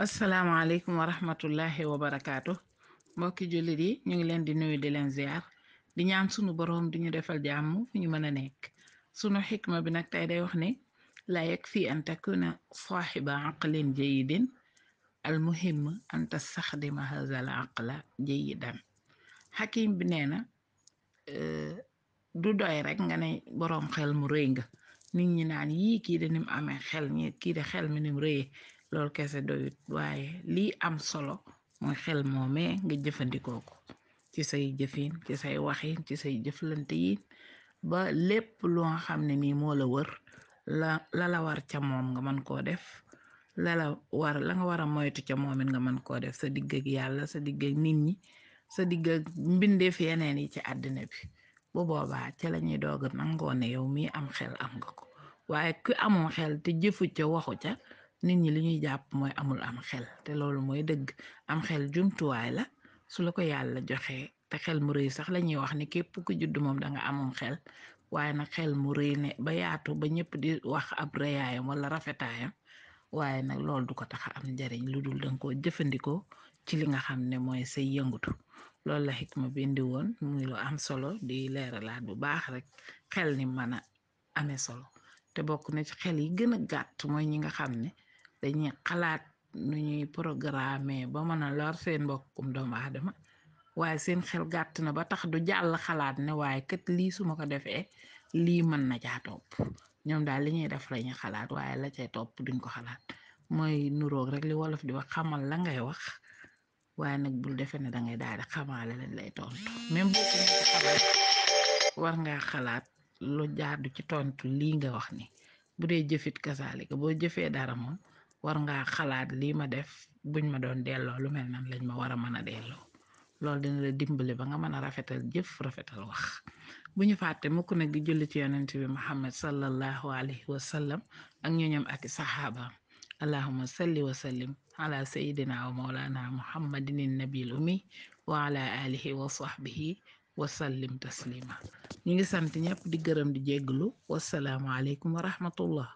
asalaamaaleykum wa rahmatullahi wa barakaatu mbokki jullit yi ñu ngi leen di nuyu di leen ziar di ñaan sunu boroom di ñu defal jàmm fi ñu mën a nekk sunu xikma bi nag tey day wax ne la yakfi an takuna saaxiba aqlin jayidin al muhim an tastaxdima haza al aqla jayidan xakim bi nee na du doy rek nga ne boroom xel mu rëy nga ni ñi naan yi kii de nim amee xel ñi kii de xel mi nim rëyee lool loolu kese doyut waaye lii am solo mooy xel moomee nga jëfandikoo ko ci say jëfin ci say waxin ci say jëflante yi ba lépp lu nga xam ne nii moo la wër la la war ca moom nga mën koo def la la war la nga war a moytu ca moom it nga mën koo def sa digg yàlla sa digg nit ñi sa digg ak mbindeef yeneen yi ci àddina bi bu booba ca la ñuy doog a nangoo ne yow mii am xel am nga ko waaye ku amoo xel te jëfu ca waxu ca nit ñi li ñuy jàpp mooy amul am xel te loolu mooy dëgg am xel jumtuwaay la su la ko yàlla joxee te xel mu rëy sax lañuy wax ni képp ku judd moom da nga amum xel waaye nag xel mu rëy ne ba yaatu ba ñëpp di wax ab rëyaayam wala rafetaayam waaye nag loolu du ko taxa am njariñ lu dul danga koo jëfandikoo ci li nga xam ne mooy say yëngatu loolu la xikma bi indi woon muy lu am solo di leeralaat bu baax rek xel ni mën a amee solo te bokk na ci xel yi gën a gàtt ñi nga xam ne dañuy xalaat nu ñuy ba mën a lor seen mbokkum doomu aadama waaye seen xel gàtt na ba tax du jàll xalaat ne waaye kat lii su ma ko defee lii mën na caa ñoom daal li ñuy def lañuy xalaat waaye la cay topp duñ ko xalaat mooy nuroog rek li wolof di wax xamal la ngay wax waaye nag bul defee ne dangay daal di xamaale leen lay tontu même boo ko xalaat war ngaa xalaat lu jaadu ci tontu lii nga wax ni bu dee jëfit kasaali ka boo jëfee dara moom war ngaa xalaat lii ma def buñ ma doon delloo lu mel nam lañ ma war a mën a delloo loolu dina la dimbali ba nga mën a rafetal jëf rafetal wax bu ñu fàtte mukk nag di julli ci yonent bi Muhammad sallallahu alayhi wa sallam ak ñoñam ak saxaabaam allahuma salli wa sallim ala sayidina wa maulana muhammadin nabil umi wa ala alihi wa sahbihi wa sallim taslima ñu ngi sant di gërëm di jégglu wasalaamu aleykum wa